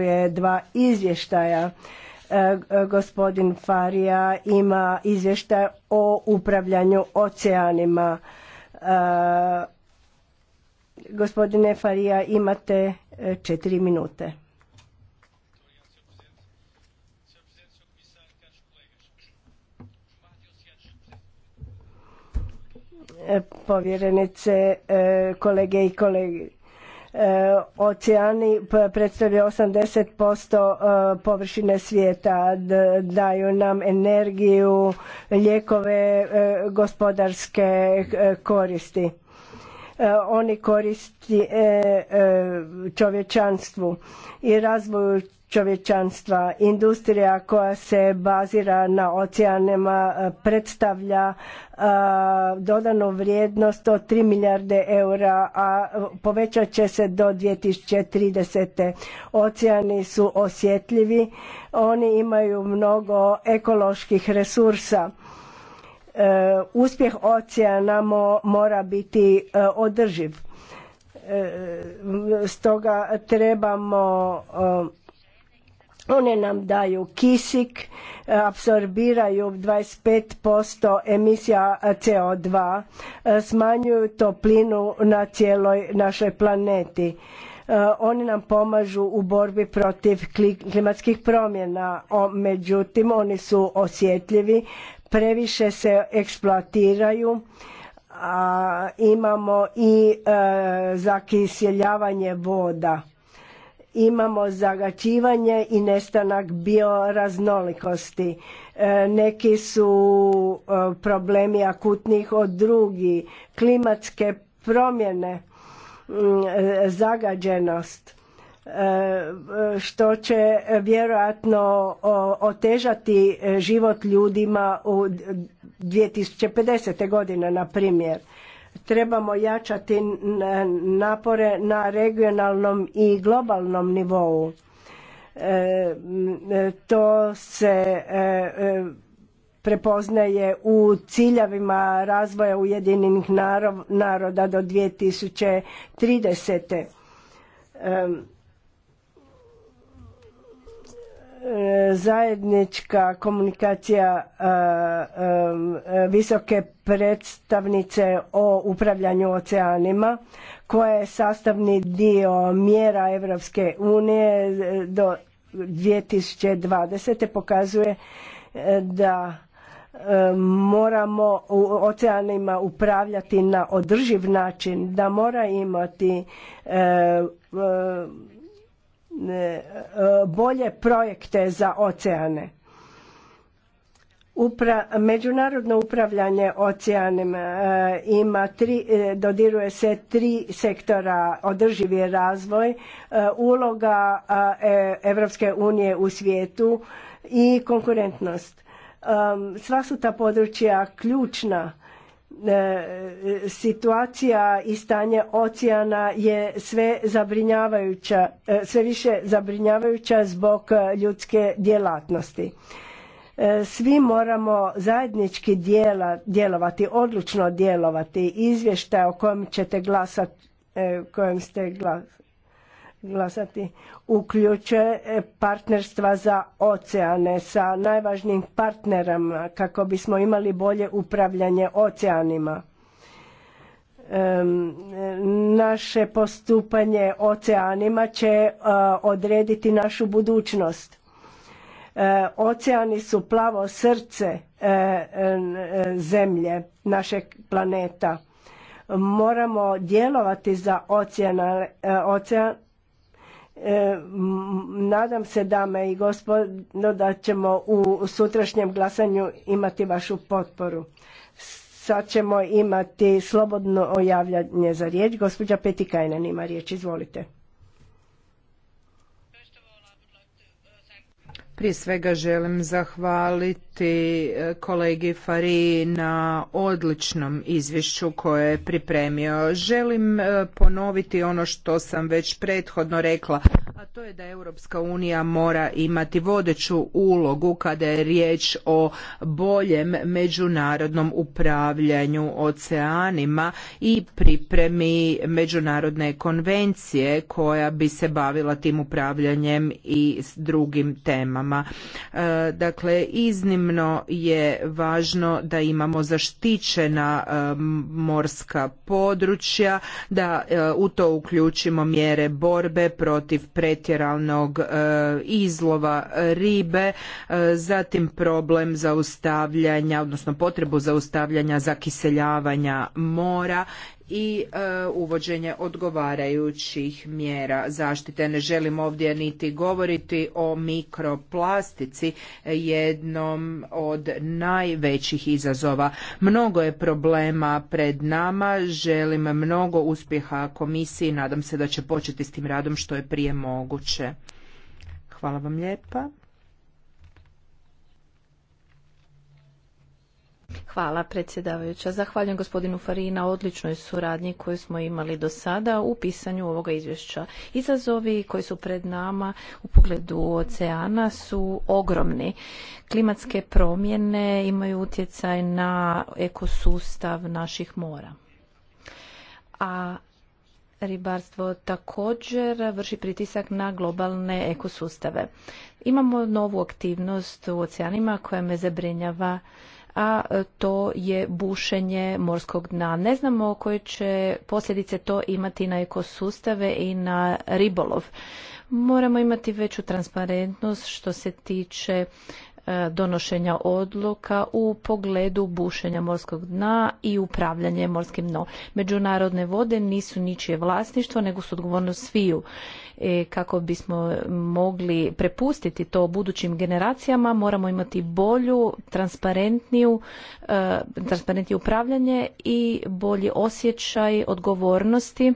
je dva izvještaja. E, gospodin Farija ima izvještaj o upravljanju oceanima. E, gospodine Farija, imate e, četiri minute. povjerenice, kolege i kolege. E, oceani predstavljaju 80% e, površine svijeta, daju nam energiju, lijekove, e, gospodarske koristi. E, oni koristi e, e, čovječanstvu i razvoju čovječanstva. Industrija koja se bazira na oceanima predstavlja dodanu vrijednost od 3 milijarde eura, a povećat će se do 2030. Oceani su osjetljivi, oni imaju mnogo ekoloških resursa E, uspjeh oceana mora biti e, održiv. E, stoga trebamo one nam daju kisik, apsorbiraju 25% emisija CO2, smanjuju toplinu na cijeloj našoj planeti. Oni nam pomažu u borbi protiv klimatskih promjena, međutim oni su osjetljivi previše se eksploatiraju a imamo i e, zakiseljavanje voda imamo zagađivanje i nestanak bioraznolikosti. E, neki su e, problemi akutnih od drugih, klimatske promjene, zagađenost. E, što će vjerojatno otežati život ljudima u 2050. godine, na primjer. Trebamo jačati napore na regionalnom i globalnom nivou. E, to se e, prepoznaje u ciljavima razvoja Ujedinjenih naroda do 2030. zajednička komunikacija e, e, visoke predstavnice o upravljanju oceanima koja je sastavni dio mjera Europske unije e, do 2020. pokazuje da moramo u oceanima upravljati na održiv način, da mora imati E, e, bolje projekte za oceane. Upra, međunarodno upravljanje oceanima e, ima tri, dodiruje se tri sektora održivi razvoj, uloga Evropske unije u svijetu i konkurentnost. Sva su ta područja ključna E, situacija i stanje oceana je sve zabrinjavajuća, e, sve više zabrinjavajuća zbog e, ljudske djelatnosti. Svi moramo zajednički djelovati, odlučno djelovati. Izvještaj o kojem ćete glasati, kojem ste glasati glasati uključe partnerstva za oceane sa najvažnijim partnerima kako bismo imali bolje upravljanje oceanima. Naše postupanje oceanima će e, odrediti našu budućnost. E, oceani su plavo srce e, zemlje, našeg planeta moramo djelovati za oceane, E, nadam se dame i gospodo da ćemo u sutrašnjem glasanju imati vašu potporu. Sad ćemo imati slobodno javljanje za riječ. Gospođa Petikajnen ima riječ, izvolite. Prije svega želim zahvaliti e, kolegi fari na odličnom izvješću koje je pripremio. Želim e, ponoviti ono što sam već prethodno rekla a to je da Europska unija mora imati vodeću ulogu kada je riječ o boljem međunarodnom upravljanju oceanima i pripremi međunarodne konvencije koja bi se bavila tim upravljanjem i s drugim temama. E, dakle, iznimno je važno da imamo zaštićena e, morska područja, da e, u to uključimo mjere borbe protiv pre pretjeranog e, izlova ribe, e, zatim problem zaustavljanja, odnosno potrebu zaustavljanja zakiseljavanja mora i e, uvođenje odgovarajućih mjera zaštite. Ne želim ovdje niti govoriti o mikroplastici, e, jednom od najvećih izazova. Mnogo je problema pred nama, želim mnogo uspjeha komisiji, nadam se da će početi s tim radom što je prije moguće. Hvala vam lijepa. Hvala predsjedavajuća. Zahvaljujem gospodinu Farina na odličnoj suradnji koju smo imali do sada u pisanju ovoga izvješća. Izazovi koji su pred nama u pogledu oceana su ogromni. Klimatske promjene imaju utjecaj na ekosustav naših mora. A ribarstvo također vrši pritisak na globalne ekosustave. Imamo novu aktivnost u oceanima koja me zabrinjava a to je bušenje morskog dna. Ne znamo koje će posljedice to imati na ekosustave i na ribolov. Moramo imati veću transparentnost što se tiče E, donošenja odluka u pogledu bušenja morskog dna i upravljanje morskim dnom. Međunarodne vode nisu ničije vlasništvo, nego su odgovornost sviju. E, kako bismo mogli prepustiti to budućim generacijama, moramo imati bolju, transparentniju, e, transparentnije upravljanje i bolji osjećaj odgovornosti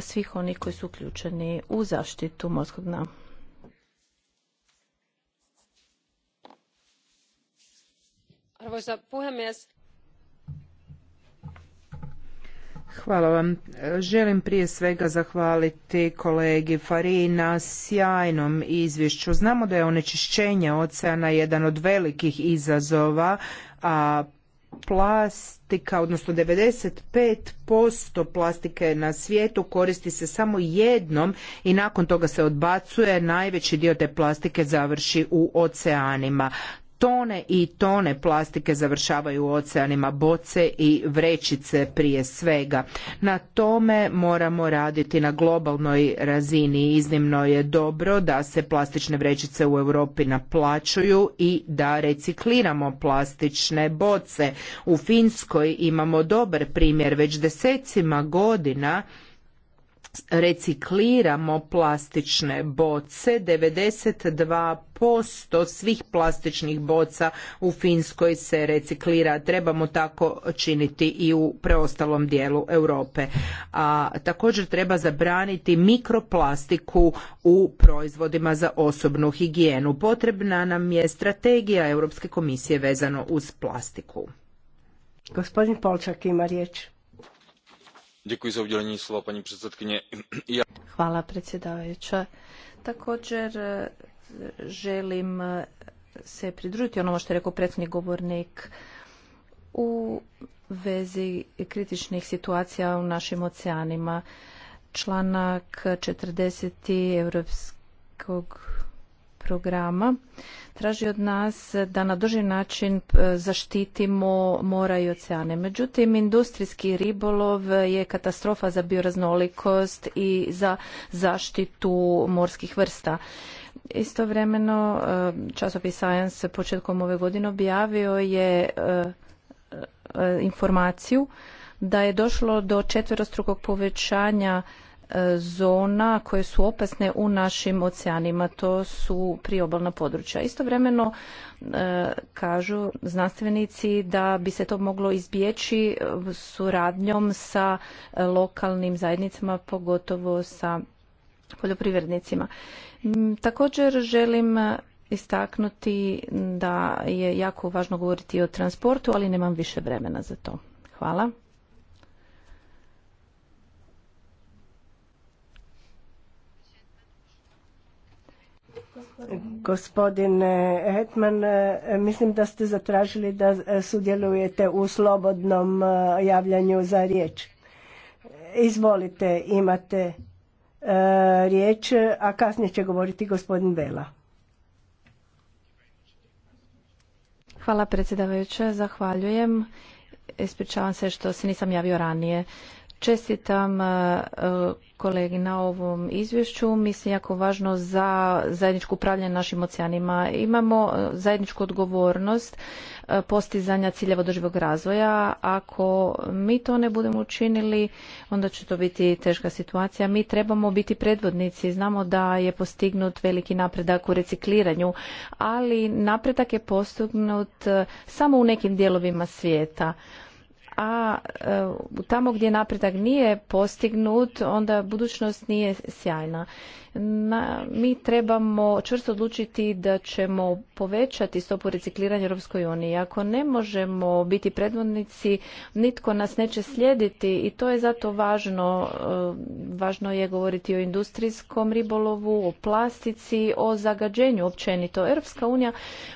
svih onih koji su uključeni u zaštitu morskog dna. arvoisa puhemies Hvala vam. Želim prije svega zahvaliti kolegi Fari na sjajnom izvješću. Znamo da je onečišćenje oceana jedan od velikih izazova, a plastika, odnosno 95% plastike na svijetu koristi se samo jednom i nakon toga se odbacuje, najveći dio te plastike završi u oceanima tone i tone plastike završavaju u oceanima boce i vrećice prije svega na tome moramo raditi na globalnoj razini iznimno je dobro da se plastične vrećice u Europi naplaćuju i da recikliramo plastične boce u Finskoj imamo dobar primjer već desecima godina recikliramo plastične boce, 92% svih plastičnih boca u Finskoj se reciklira. Trebamo tako činiti i u preostalom dijelu Europe. A također treba zabraniti mikroplastiku u proizvodima za osobnu higijenu. Potrebna nam je strategija Europske komisije vezano uz plastiku. Gospodin Polčak ima riječ. Hvala predsjedavajuća. Također e, želim e, se pridružiti onome što je rekao prethodni govornik u vezi kritičnih situacija u našim oceanima. Članak forty Europskog programa traži od nas da na duži način e, zaštitimo mora i oceane. Međutim, industrijski ribolov je katastrofa za bioraznolikost i za zaštitu morskih vrsta. Istovremeno, e, časopis Science početkom ove godine objavio je e, informaciju da je došlo do četverostrukog povećanja E, zona koje su opasne u našim oceanima, to su priobalna područja. Istovremeno e, kažu znanstvenici da bi se to moglo izbjeći e, suradnjom sa lokalnim zajednicama, pogotovo sa poljoprivrednicima. Također želim istaknuti da je jako važno govoriti o transportu, ali nemam više vremena za to. Hvala. Gospodine Hetman, e, mislim da ste zatražili da e, sudjelujete u slobodnom e, javljanju za riječ. Izvolite, imate riječ, a kasnije će govoriti gospodin bela. Hvala predsjedavajuća, zahvaljujem. Ispričavam se što se nisam javio ranije. Čestitam e, e, kolegi na ovom izvješću. Mislim jako važno za zajedničko upravljanje našim oceanima. Imamo e, zajedničku odgovornost postizanja ciljeva održivog razvoja. Ako mi to ne budemo učinili, onda će to biti teška situacija. Mi trebamo biti predvodnici. Znamo da je postignut veliki napredak u recikliranju, ali napredak je postignut samo u nekim dijelovima svijeta a e, tamo gdje napredak nije postignut, onda budućnost nije sjajna na, mi trebamo čvrsto odlučiti da ćemo povećati stopu recikliranja Europskoj uniji. Ako ne možemo biti predvodnici, nitko nas neće slijediti i to je zato važno. Eh, važno je govoriti o industrijskom ribolovu, o plastici, o zagađenju općenito. Europska unija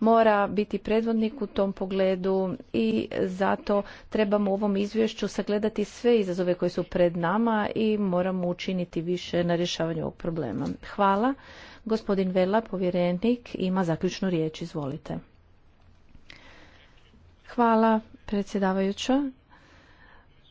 mora biti predvodnik u tom pogledu i zato trebamo u ovom izvješću sagledati sve izazove koji su pred nama i moramo učiniti više na rješavanju ovog problema. Hvala. Gospodin Vela, povjerenik, ima zaključnu riječ. Izvolite. Hvala, predsjedavajuća.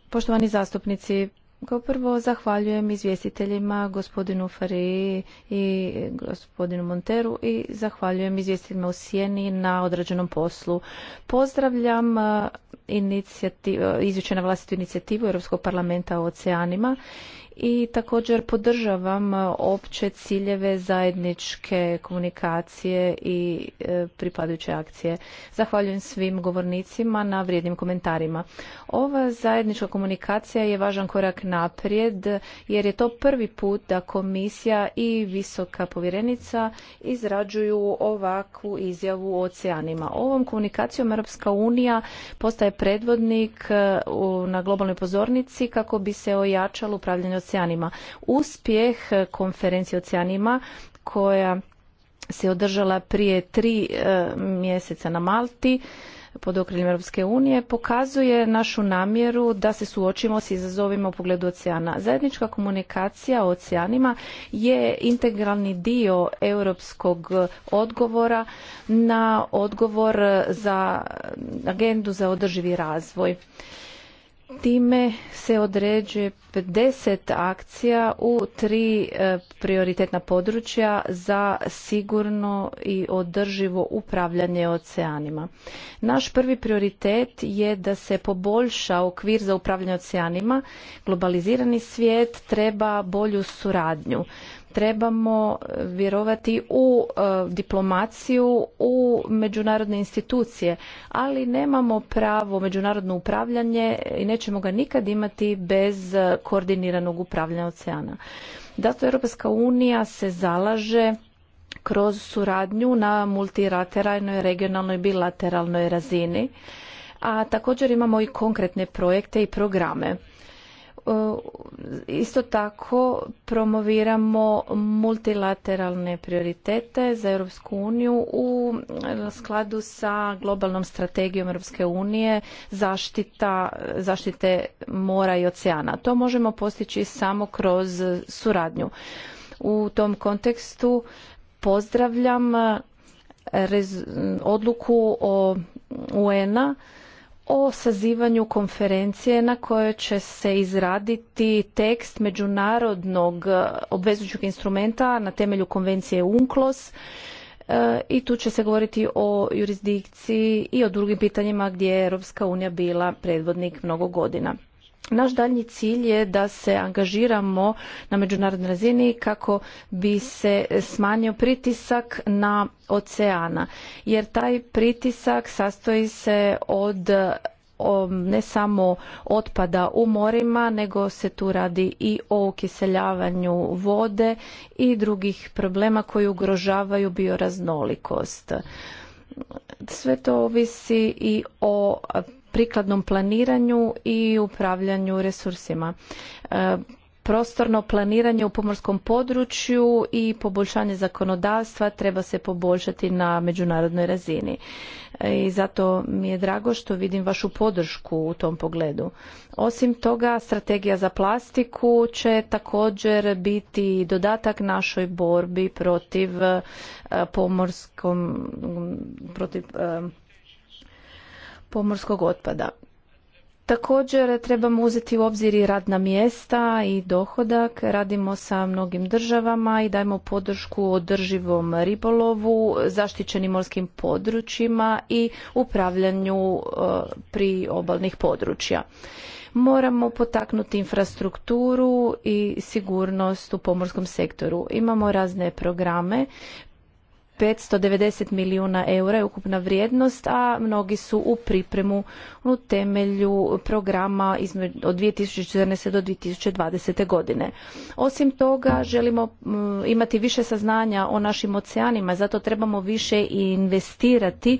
Poštovani zastupnici, kao prvo zahvaljujem izvjestiteljima gospodinu Fari i gospodinu Monteru i zahvaljujem izvjestiteljima u Sjeni na odrađenom poslu. Pozdravljam uh, uh, izvješće na vlastitu inicijativu Europskog parlamenta o oceanima i također podržavam e, opće ciljeve zajedničke komunikacije i e, pripadajuće akcije. Zahvaljujem svim govornicima na vrijednim komentarima. Ova zajednička komunikacija je važan korak naprijed jer je to prvi put da komisija i visoka povjerenica izrađuju ovakvu izjavu o oceanima. Ovom komunikacijom Europska unija postaje predvodnik e, na globalnoj pozornici kako bi se ojačalo upravljanje oceanima. Uspjeh konferencije oceanima koja se održala prije tri e, mjeseca na Malti pod okriljem Europske unije pokazuje našu namjeru da se suočimo s izazovima u pogledu oceana. Zajednička komunikacija o oceanima je integralni dio europskog odgovora na odgovor za agendu za održivi razvoj. Time se određuje deset akcija u tri e, prioritetna područja za sigurno i održivo upravljanje oceanima. Naš prvi prioritet je da se poboljša okvir za upravljanje oceanima. Globalizirani svijet treba bolju suradnju trebamo e, vjerovati u e, diplomaciju, u međunarodne institucije, ali nemamo pravo međunarodno upravljanje i nećemo nećemo ga nikad imati bez eh, koordiniranog upravljanja oceana. Dato Europska unija se zalaže kroz suradnju na multilateralnoj, regionalnoj i bilateralnoj razini, a također imamo i konkretne projekte i programe. E, isto tako promoviramo multilateralne prioritete za Europsku uniju u skladu sa globalnom strategijom Europske unije zaštita, zaštite mora i oceana. To možemo postići samo kroz suradnju. U tom kontekstu pozdravljam odluku o UN-a o sazivanju konferencije na kojoj će se izraditi tekst međunarodnog e, obvezujućeg instrumenta na temelju konvencije UNCLOS e, i tu će se govoriti o jurisdikciji i o drugim pitanjima gdje je Europska unija bila predvodnik mnogo godina. Naš daljnji cilj je da se angažiramo na međunarodnoj razini kako bi se smanjio pritisak na oceana, jer taj pritisak sastoji se od ne samo otpada u morima, nego se tu radi i o kiseljavanju vode i drugih problema koji ugrožavaju bioraznolikost. Sve to ovisi i o prikladnom planiranju i upravljanju resursima. E, prostorno planiranje u pomorskom području i poboljšanje zakonodavstva treba se poboljšati na međunarodnoj razini. E, I zato mi je drago što vidim vašu podršku u tom pogledu. Osim toga, strategija za plastiku će također biti dodatak našoj borbi protiv e, pomorskom, protiv pomorskog otpada. Također trebamo uzeti u obzir i radna mjesta i dohodak. Radimo sa mnogim državama i dajemo podršku održivom ribolovu, zaštićenim morskim područjima i upravljanju e, pri obalnih područja. Moramo potaknuti infrastrukturu i sigurnost u pomorskom sektoru. Imamo razne programe 590 milijuna eura je ukupna vrijednost, a mnogi su u pripremu u temelju programa od 2014. do 2020. godine. Osim toga, želimo imati više saznanja o našim oceanima, zato trebamo više investirati.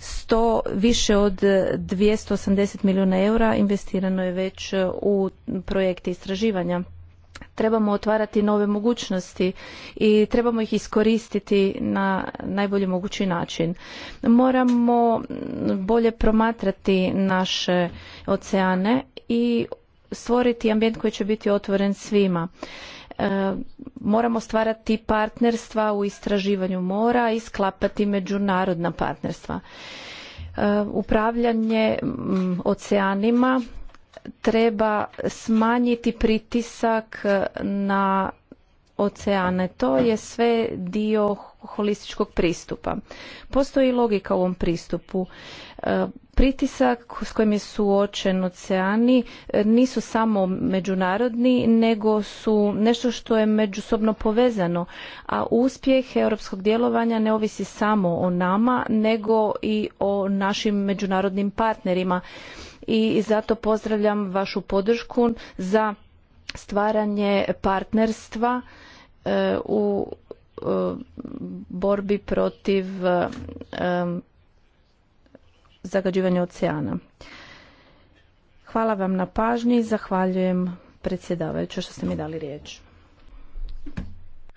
Sto, više od 280 milijuna eura investirano je već u projekte istraživanja trebamo otvarati nove mogućnosti i trebamo ih iskoristiti na najbolji mogući način. Moramo bolje promatrati naše oceane i stvoriti ambijent koji će biti otvoren svima. E, moramo stvarati partnerstva u istraživanju mora i sklapati međunarodna partnerstva. E, upravljanje oceanima treba smanjiti pritisak na oceane. To je sve dio holističkog pristupa. Postoji logika u ovom pristupu. E, pritisak s kojim je suočen oceani e, nisu samo međunarodni, nego su nešto što je međusobno povezano. A uspjeh europskog djelovanja ne ovisi samo o nama, nego i o našim međunarodnim partnerima i zato pozdravljam vašu podršku za stvaranje partnerstva e, u e, borbi protiv e, zagađivanja oceana. Hvala vam na pažnji i zahvaljujem predsjedavajuća što ste mi dali riječ.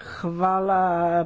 Hvala